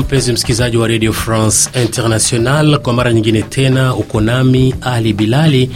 mpenzi msikilizaji wa Radio France International, kwa mara nyingine tena uko nami Ali Bilali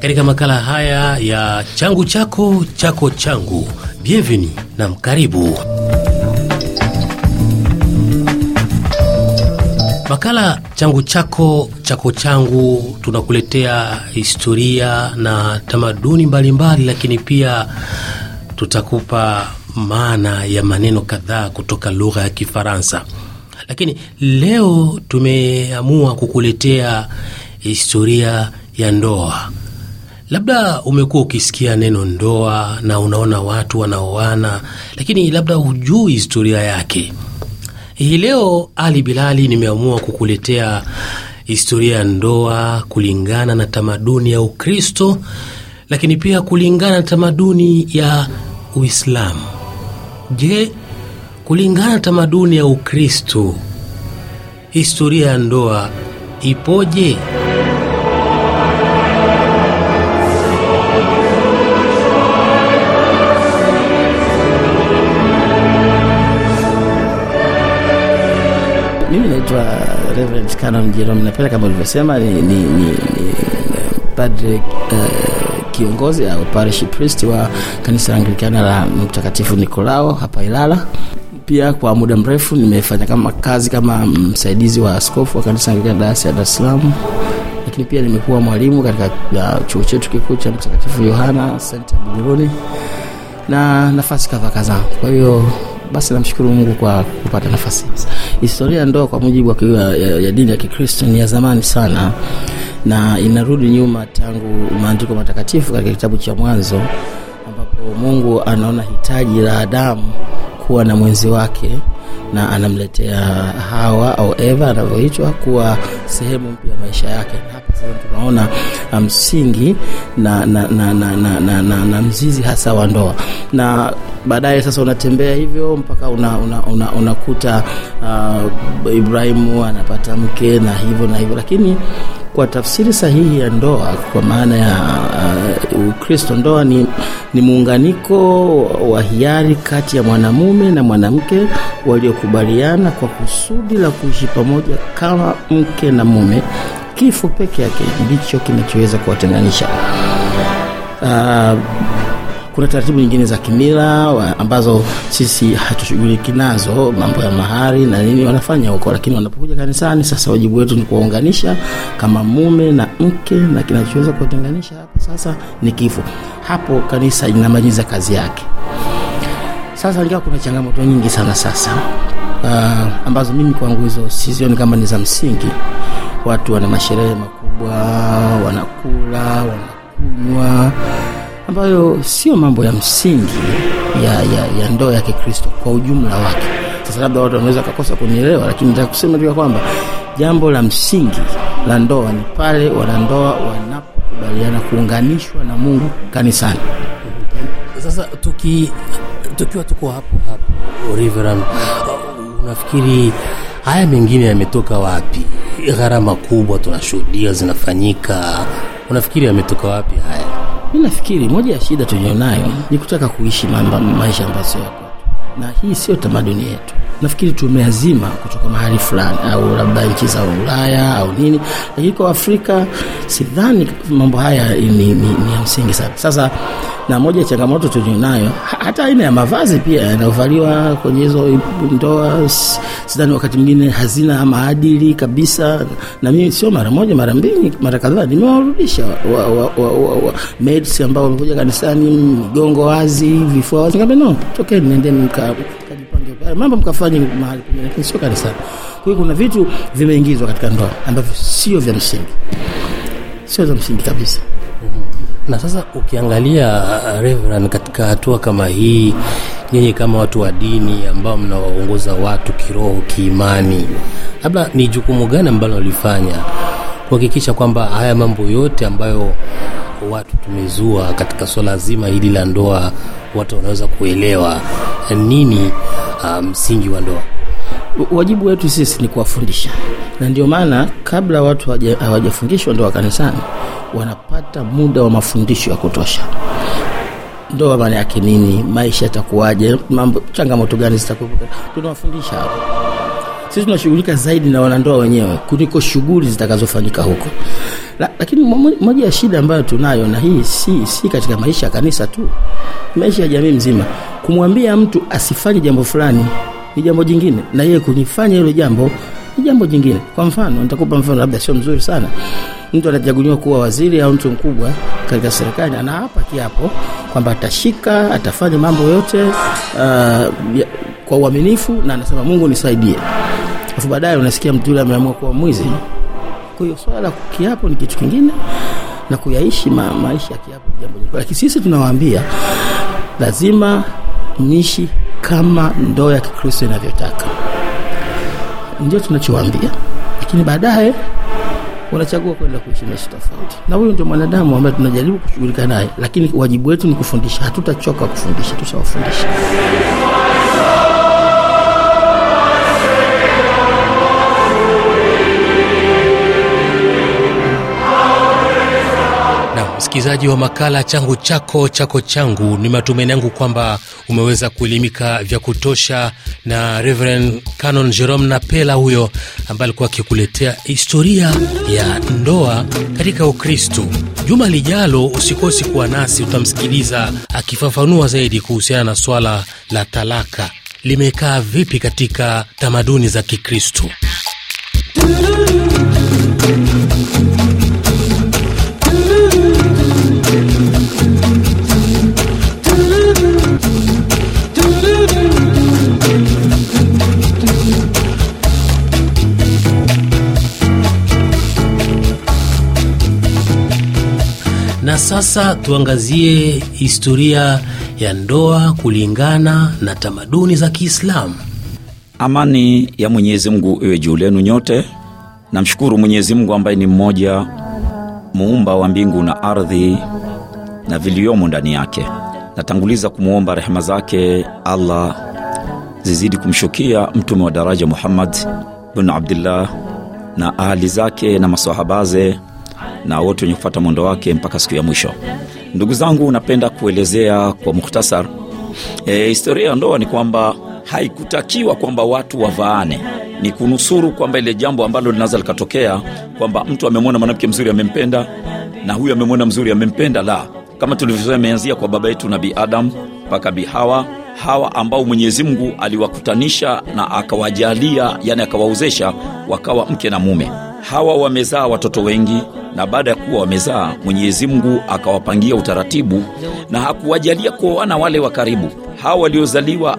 katika makala haya ya changu chako chako changu. Bienvenue na mkaribu. Makala changu chako chako changu, tunakuletea historia na tamaduni mbalimbali mbali, lakini pia tutakupa maana ya maneno kadhaa kutoka lugha ya Kifaransa. Lakini leo tumeamua kukuletea historia ya ndoa. Labda umekuwa ukisikia neno ndoa na unaona watu wanaoana, lakini labda hujui historia yake. Hii leo, Ali Bilali, nimeamua kukuletea historia ya ndoa kulingana na tamaduni ya Ukristo, lakini pia kulingana na tamaduni ya Uislamu. Je, Kulingana tamaduni ya Ukristo, historia ya ndoa ipoje? Mimi naitwa Reverend Canon Jerome Napele, kama ulivyosema ni, ni, ni, ni padre uh, kiongozi au parish priest wa kanisa Anglikana la Mtakatifu Nikolao hapa Ilala. Pia kwa muda mrefu nimefanya kama kazi kama msaidizi wa askofu wa kanisa Anglikana Dayosisi ya Dar es Salaam, lakini pia nimekuwa mwalimu katika uh, chuo chetu kikuu cha Mtakatifu Yohana Santa Bujiruni na nafasi kadha kadhaa. Kwa hiyo basi namshukuru Mungu kwa kupata nafasi. Historia ya ndoa kwa mujibu wa ya, uh, ya, ya dini ya Kikristo ni ya zamani sana na inarudi nyuma tangu maandiko matakatifu katika kitabu cha Mwanzo ambapo Mungu anaona hitaji la Adamu kuwa na mwenzi wake na anamletea Hawa au Eva anavyoitwa kuwa sehemu mpya ya maisha yake. Hapa sasa tunaona uh, msingi na, na, na, na, na, na, na, na mzizi hasa wa ndoa, na baadaye sasa unatembea hivyo mpaka unakuta una, una, una uh, Ibrahimu anapata mke na hivyo na hivyo, lakini kwa tafsiri sahihi ya ndoa kwa maana ya uh, Ukristo, ndoa ni, ni muunganiko wa hiari kati ya mwanamume na mwanamke waliokubaliana kwa kusudi la kuishi pamoja kama mke na mume. Kifo peke yake ndicho kinachoweza kuwatenganisha. Uh, kuna taratibu nyingine za kimila ambazo sisi hatushughuliki nazo, mambo ya mahari na nini wanafanya huko, lakini wanapokuja kanisani sasa, wajibu wetu ni kuwaunganisha kama mume na mke, na kinachoweza kuwatenganisha hapo sasa ni kifo. Hapo kanisa linamaliza kazi yake. Sasa ingawa kuna changamoto nyingi sana sasa uh, ambazo mimi kwangu hizo sizioni kama ni za msingi. Watu wana masherehe makubwa, wanakula, wanakunywa ambayo sio mambo ya msingi ya, ya, ya ndoa ya Kikristo kwa ujumla wake. Sasa labda watu wanaweza kukosa kunielewa, lakini nataka kusema tu kwamba jambo la msingi la ndoa ni pale wanandoa wanapokubaliana kuunganishwa na Mungu kanisani. Sasa tuki tukiwa tuko hapo hapo Reverend, unafikiri haya mengine yametoka wapi? Gharama kubwa tunashuhudia zinafanyika, unafikiri yametoka wapi haya? Mi nafikiri moja ya shida tulionayo ni kutaka kuishi maisha ambayo sio ya kwetu, na hii sio tamaduni yetu nafikiri tumeazima kutoka mahali fulani, au labda nchi za Ulaya au nini, lakini kwa Afrika sidhani mambo haya ni ya msingi sana. Sasa na moja ya changamoto tulionayo, hata aina ya mavazi pia yanayovaliwa kwenye hizo ndoa, sidhani wakati mwingine hazina maadili kabisa. Na mimi sio mara moja, mara mbili, mara kadhaa nimewarudisha wa, wa, wa, wa, wa, maids ambao wamekuja kanisani, migongo wazi, vifua wazi, ngambia no, tokeni nendeni mka pale mambo mkafanye mahali pengine, lakini sio kanisani. Kwa hiyo kuna vitu vimeingizwa katika ndoa ambavyo sio vya msingi, sio vya msingi kabisa. Mhm. Na sasa ukiangalia uh, uh, Reverend, katika hatua kama hii, nyinyi kama watu wa dini ambao mnawaongoza watu kiroho, kiimani, labda ni jukumu gani ambalo walifanya kuhakikisha kwamba haya mambo yote ambayo watu tumezua katika swala zima hili la ndoa, watu wanaweza kuelewa eh, nini Um, msingi um, wa ndoa. Wajibu wetu sisi ni kuwafundisha, na ndio maana kabla watu hawajafundishwa ndoa kanisani, wanapata muda wa mafundisho ya kutosha. Ndoa maana yake nini, maisha yatakuwaje, mambo changamoto gani zitakuwepo, tunawafundisha hapo. Sisi tunashughulika zaidi na wanandoa wenyewe kuliko shughuli zitakazofanyika huko. La, lakini moja ya shida ambayo tunayo na hii si, si katika maisha ya kanisa tu, maisha ya jamii mzima, kumwambia mtu asifanye jambo fulani ni jambo jingine, na yeye kunifanya hilo jambo ni jambo jingine. Kwa mfano, nitakupa mfano labda sio mzuri sana. Mtu anachaguliwa kuwa waziri au mtu mkubwa katika serikali, anaapa kiapo kwamba atashika, atafanya mambo yote uh, kwa uaminifu, na anasema Mungu nisaidie alafu baadaye unasikia mtu yule ameamua kuwa mwizi. Kwa hiyo swala la kiapo ni kitu kingine na kuyaishi ma, maisha ya kiapo jambo jingine, lakini sisi tunawaambia lazima niishi kama ndoo ya Kikristo inavyotaka, ndio tunachowaambia, lakini baadaye wanachagua kwenda kuishi maisha tofauti. Na huyu ndio mwanadamu ambaye tunajaribu kushughulika naye, lakini wajibu wetu ni kufundisha. Hatutachoka kufundisha, tushawafundisha. msikilizaji wa makala changu chako chako changu. Ni matumaini yangu kwamba umeweza kuelimika vya kutosha na Reverend Canon Jerome Napela huyo ambaye alikuwa akikuletea historia ya ndoa katika Ukristo. Juma lijalo usikosi kuwa nasi, utamsikiliza akifafanua zaidi kuhusiana na swala la talaka limekaa vipi katika tamaduni za kikristu Na sasa tuangazie historia ya ndoa kulingana na tamaduni za Kiislamu. Amani ya Mwenyezi Mungu iwe juu lenu nyote. Namshukuru Mwenyezi Mungu ambaye ni mmoja, muumba wa mbingu na ardhi na viliyomo ndani yake. Natanguliza kumwomba rehema zake Allah zizidi kumshukia mtume wa daraja Muhammad bin Abdullah na ahali zake na masahabaze na wote wenye kufata mwendo wake mpaka siku ya mwisho. Ndugu zangu, napenda kuelezea kwa muhtasar e, historia ya ndoa ni kwamba haikutakiwa kwamba watu wavaane, ni kunusuru kwamba ile jambo ambalo linaweza likatokea kwamba mtu amemwona mwanamke mzuri amempenda, na huyu amemwona mzuri amempenda. La, kama tulivyosema, imeanzia kwa baba yetu Nabii Adam mpaka Bi Hawa hawa ambao Mwenyezi Mungu aliwakutanisha na akawajalia, yani akawaozesha wakawa mke na mume. Hawa wamezaa watoto wengi, na baada ya kuwa wamezaa, Mwenyezi Mungu akawapangia utaratibu na hakuwajalia kuoana wale wa karibu. Hawa waliozaliwa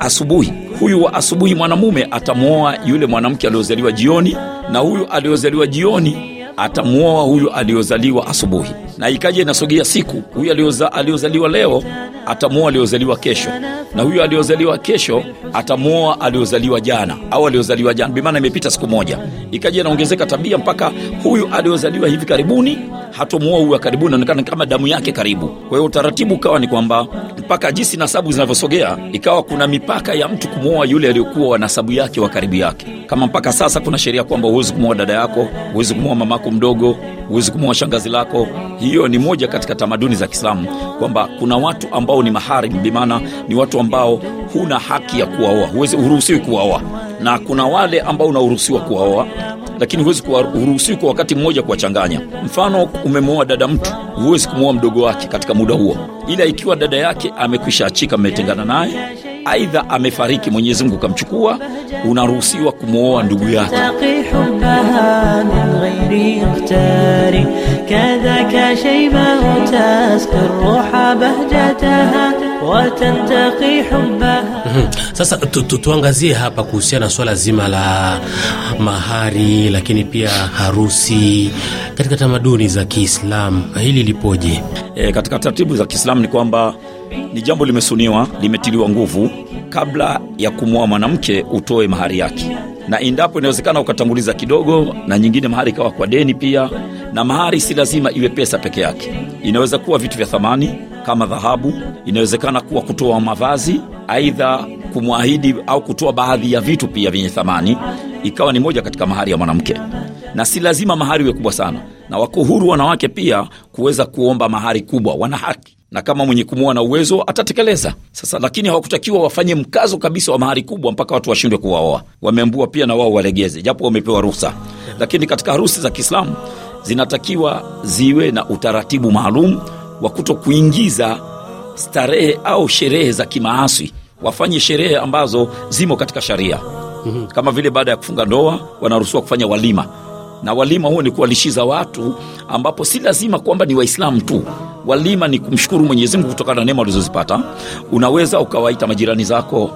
asubuhi, huyu wa asubuhi mwanamume atamwoa yule mwanamke aliozaliwa jioni, na huyu aliozaliwa jioni atamwoa huyu aliozaliwa asubuhi. Na ikaja inasogea siku, huyu aliozaliwa leo atamuoa aliozaliwa kesho, na huyo aliozaliwa kesho atamuoa aliozaliwa jana au aliozaliwa jana, bimaana imepita siku moja, ikaja inaongezeka tabia mpaka huyu aliozaliwa hivi karibuni hatomuoa huyu karibuni, inaonekana kama damu yake karibu. Kwa hiyo utaratibu ukawa ni kwamba mpaka jinsi nasabu zinavyosogea, ikawa kuna mipaka ya mtu kumwoa yule aliyokuwa wa nasabu yake wa karibu yake. Kama mpaka sasa kuna sheria kwamba huwezi kumuoa dada yako, huwezi kumuoa mamako mdogo, huwezi kumuoa shangazi lako. Hiyo ni moja katika tamaduni za Kiislamu kwamba kuna watu ambao ambao ni maharim, bimaana ni watu ambao huna haki ya kuwaoa, huruhusiwi kuwaoa, na kuna wale ambao unaruhusiwa kuwaoa lakini huwezi kuruhusiwi kwa wakati mmoja kuwachanganya. Mfano, umemwoa dada mtu, huwezi kumwoa mdogo wake katika muda huo, ila ikiwa dada yake amekwisha achika, mmetengana naye, aidha amefariki, mwenyezimngu ukamchukua kamchukua, unaruhusiwa kumwoa ndugu yako mhm. Sasa tuangazie hapa kuhusiana na swala zima la mahari, lakini pia harusi katika tamaduni za Kiislamu, hili lipoje? E, katika taratibu za Kiislamu ni kwamba ni jambo limesuniwa, limetiliwa nguvu kabla ya kumwoa mwanamke utoe mahari yake, na endapo inawezekana ukatanguliza kidogo, na nyingine mahari ikawa kwa deni pia. Na mahari si lazima iwe pesa peke yake, inaweza kuwa vitu vya thamani kama dhahabu, inawezekana kuwa kutoa mavazi, aidha kumwahidi au kutoa baadhi ya vitu pia vyenye thamani, ikawa ni moja katika mahari ya mwanamke. Na si lazima mahari iwe kubwa sana, na wako huru wanawake pia kuweza kuomba mahari kubwa, wana haki na kama mwenye kumua na uwezo atatekeleza. Sasa lakini hawakutakiwa wafanye mkazo kabisa wa mahari kubwa mpaka watu washindwe kuwaoa. Wameambiwa pia na wao walegeze, japo wamepewa ruhusa. Lakini katika harusi za Kiislamu zinatakiwa ziwe na utaratibu maalum wa kuto kuingiza starehe au sherehe za kimaasi. Wafanye sherehe ambazo zimo katika sharia, mhm. kama vile baada ya kufunga ndoa wanaruhusiwa kufanya walima, na walima huo ni kuwalishiza watu, ambapo si lazima kwamba ni Waislamu tu Walima ni kumshukuru Mwenyezi Mungu kutokana na neema ulizozipata. Unaweza ukawaita majirani zako,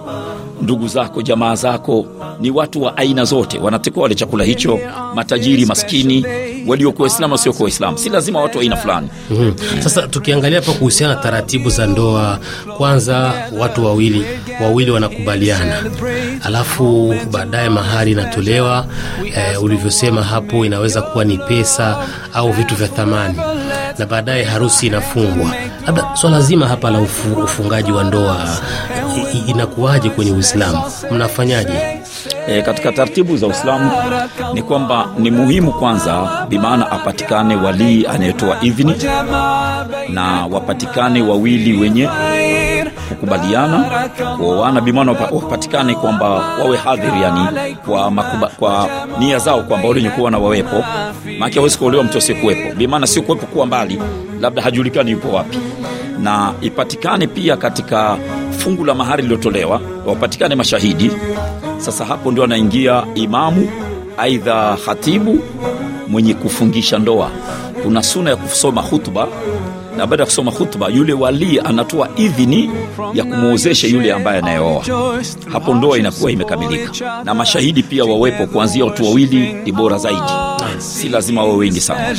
ndugu zako, jamaa zako, ni watu wa aina zote, wanatekua wale chakula hicho, matajiri, maskini, waliokuwa Waislamu, wasiokuwa Waislamu, si lazima watu wa aina fulani. mm -hmm. Sasa tukiangalia hapa kuhusiana na taratibu za ndoa, kwanza watu wawili wawili wanakubaliana, alafu baadaye mahari inatolewa. Eh, ulivyosema hapo, inaweza kuwa ni pesa au vitu vya thamani na baadaye harusi inafungwa. Labda swala zima hapa la ufu, ufungaji wa ndoa inakuwaje kwenye Uislamu, mnafanyaje? E, katika taratibu za Uislamu ni kwamba ni muhimu kwanza, bimaana apatikane walii anayetoa idhini na wapatikane wawili wenye kukubaliana kuoana, bimana wapatikane kwamba wawe hadhiri, yani kwa, makuba, kwa nia zao kwamba wenye kuona wawepo, maake awezi kuolewa mtu asiyekuwepo, bimana sio kuwepo kuwa mbali, labda hajulikani yupo wapi, na ipatikane pia katika fungu la mahari iliyotolewa wapatikane mashahidi. Sasa hapo ndio anaingia imamu, aidha hatibu mwenye kufungisha ndoa. Kuna suna ya kusoma hutuba na baada ya kusoma hutuba, yule walii anatoa idhini ya kumwozesha yule ambaye anayeoa. Hapo ndoa inakuwa imekamilika, na mashahidi pia wawepo, kuanzia watu wawili ni bora zaidi, si lazima wawe wengi sana.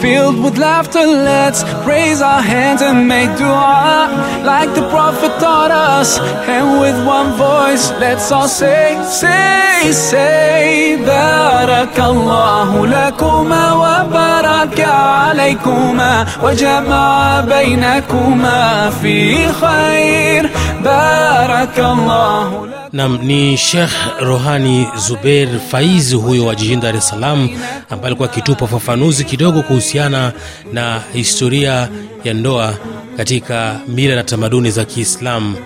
Filled with laughter, let's raise our hands and make dua like the Prophet taught us. And with one voice, let's all say, say, say, Barakallahu lakuma wa baraka alaykuma wa jama'a baynakuma fi khair. Barakallahu Nam ni shekh Rohani zuber Faiz huyo wa jijini Dar es Salaam, ambaye alikuwa akitupa ufafanuzi kidogo kuhusiana na historia ya ndoa katika mila na tamaduni za Kiislamu.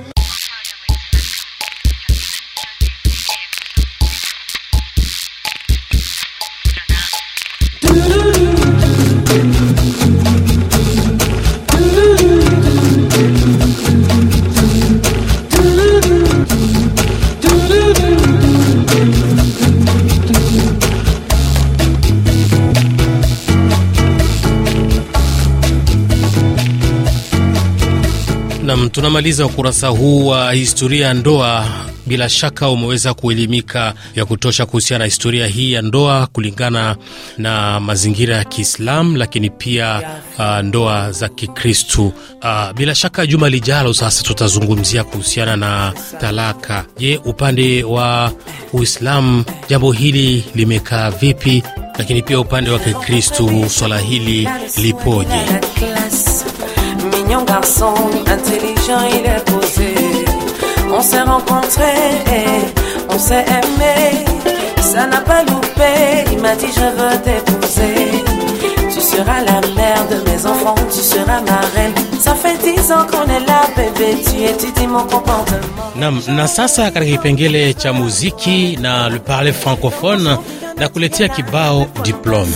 tunamaliza ukurasa huu wa historia ya ndoa. Bila shaka umeweza kuelimika ya kutosha kuhusiana na historia hii ya ndoa kulingana na mazingira ya Kiislamu, lakini pia uh, ndoa za Kikristu. Uh, bila shaka juma lijalo sasa tutazungumzia kuhusiana na talaka. Je, upande wa Uislamu jambo hili limekaa vipi? Lakini pia upande wa Kikristu swala hili lipoje? garçon, intelligent, il est posé. On s'est rencontré, on s'est aimé, ça n'a pas loupé. Il m'a dit je veux t'épouser. seras la mère de mes enfants, tu seras ma reine. Ça fait dix ans qu'on est là, bébé, tu étudies mon comportement. Nam, na sasa katika kipengele cha muziki na le parler francophone na kuletea kibao diplome.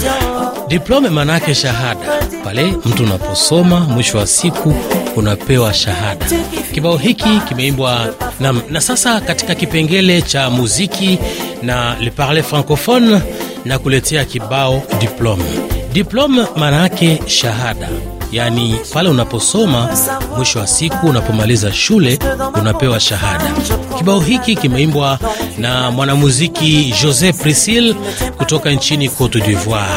Diplome maanake shahada, pale mtu unaposoma mwisho wa siku unapewa shahada. Kibao hiki kimeimbwa na, na sasa katika kipengele cha muziki na le parler francophone na kuletea kibao diplome. Diploma maana yake shahada, yaani pale unaposoma mwisho wa siku unapomaliza shule unapewa shahada. Kibao hiki kimeimbwa na mwanamuziki Jose Prisil kutoka nchini Cote d'Ivoire.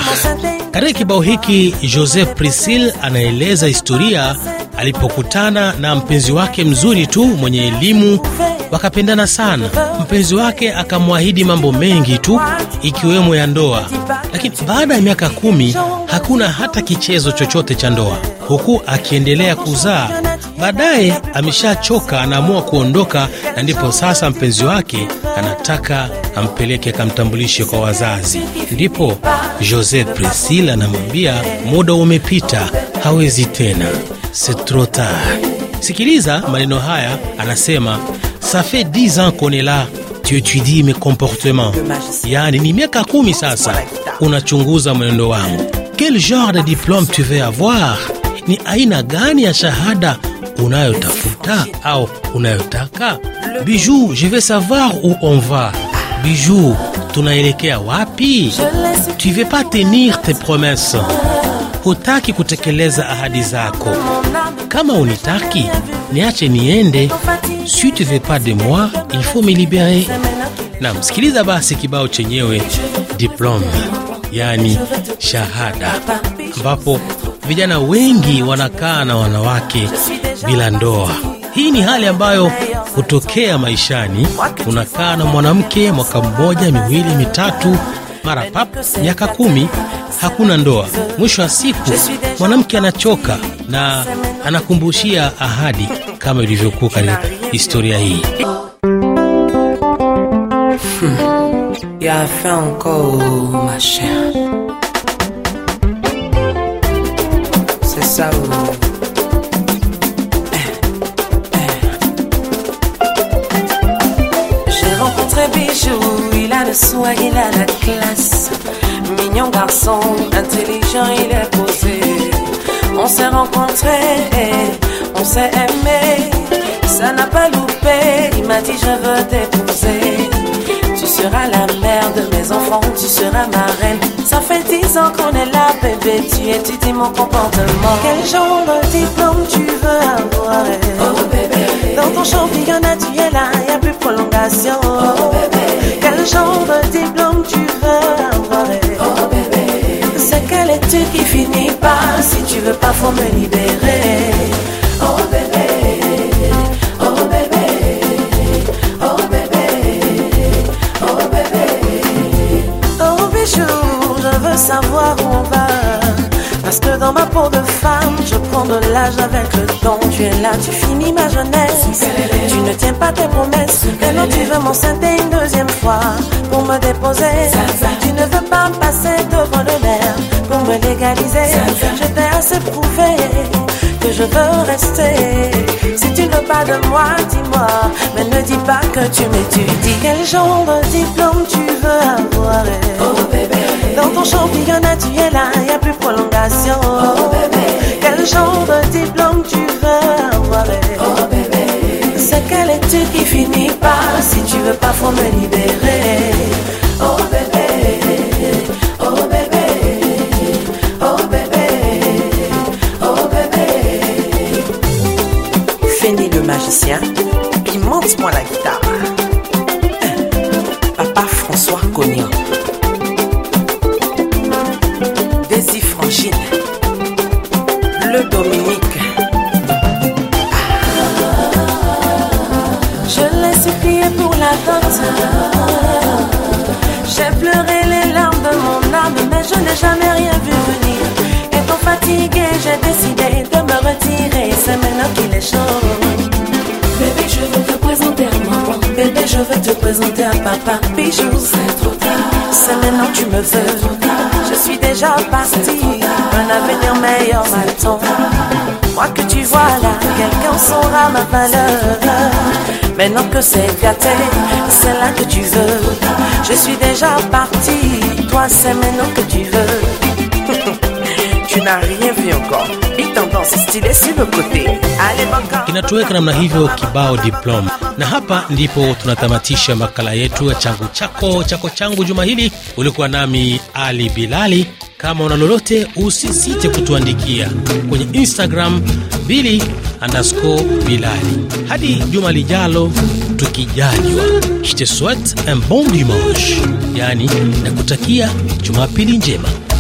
Katika kibao hiki Jose Prisil anaeleza historia alipokutana na mpenzi wake mzuri tu mwenye elimu, wakapendana sana. Mpenzi wake akamwahidi mambo mengi tu ikiwemo ya ndoa, lakini baada ya miaka kumi hakuna hata kichezo chochote cha ndoa, huku akiendelea kuzaa. Baadaye ameshachoka, anaamua kuondoka, na ndipo sasa mpenzi wake anataka ampeleke akamtambulishe kwa wazazi. Ndipo Jose Priscilla anamwambia muda umepita, hawezi tena, c'est trop tard. Sikiliza maneno haya, anasema ça fait 10 ans qu'on est tu étudies mes comportements, yaani ni miaka kumi sasa unachunguza mwenendo wangu. Quel genre de diplome tu veux avoir? Ni aina gani ya shahada unayotafuta au unayotaka? Bijou, je veux savoir où on va. Bijou, tunaelekea wapi? Tu veux pas tenir tes promesses, hutaki kutekeleza ahadi zako. Kama unitaki niache niende. Si tu veux pas de moi il faut me libérer. Na msikiliza basi kibao chenyewe Diplome yani shahada, ambapo vijana wengi wanakaa na wanawake bila ndoa. Hii ni hali ambayo hutokea maishani. Unakaa na mwanamke mwaka mmoja, miwili, mitatu, mara pap miaka kumi, hakuna ndoa. Mwisho wa siku mwanamke anachoka na anakumbushia ahadi kama ilivyokuwa katika historia hii. Hmm. Il a faim encore, ma chère. C'est ça, oh. J'ai rencontré Bijou, il a le soin, il a la classe. Mignon garçon, intelligent, il est posé. On s'est rencontré, on s'est aimé. Ça n'a pas loupé, il m'a dit je veux t'épouser seras la mère de mes enfants, tu seras ma reine. Ça fait dix ans qu'on est là, bébé, tu étudies mon comportement. Quel genre de diplôme tu veux avoir Oh, oh bébé. Dans ton champ, il y a, tu es là, y a plus prolongation. Oh, oh bébé. Quel genre de diplôme tu veux avoir Oh, oh bébé. C'est quelle étude qui finit par si tu veux pas, faut me libérer. l'âge avec le temps. Tu es là, tu finis ma jeunesse. Tu ne tiens pas tes promesses. Maintenant tu veux m'enceinter une deuxième fois pour me déposer. Tu ne veux pas passer devant le maire pour me légaliser. Je t'ai assez prouver que je veux rester. Si tu ne veux pas de moi, dis-moi. Mais ne dis pas que tu m'étudies. Quel genre de diplôme tu veux avoir? Oh, bébé. Dans ton championnat, tu es là, y a plus prolongation. Oh, bébé. Ce genre tes blancs, tu veux avoir Oh bébé, c'est quelle qui finit pas Si tu veux pas, faut me libérer. Oh bébé, oh bébé, oh bébé, oh bébé. Fini le magicien, qui monte-moi la guitare. Papa François Cognon. les Bébé, je veux te présenter à maman. Bébé, je veux te présenter à papa. Bijou, c'est trop tard. C'est maintenant que tu me veux. Je suis déjà parti. Un avenir meilleur m'attend. Moi que tu vois là, quelqu'un saura ma valeur. Maintenant que c'est gâté, c'est là que tu veux. Je suis déjà parti. Toi, c'est maintenant que tu veux. tu n'as rien vu encore. Big Tendance stylé sur le côté. Allez banca. Kinatuweka namna hivyo kibao diplom. Na hapa ndipo tunatamatisha makala yetu ya changu chako chako changu juma hili. Ulikuwa nami Ali Bilali. Kama una lolote, usisite kutuandikia kwenye Instagram bili underscore bilali. Hadi juma lijalo, tukijaliwa. Je te souhaite un bon dimanche, yani nakutakia jumapili njema.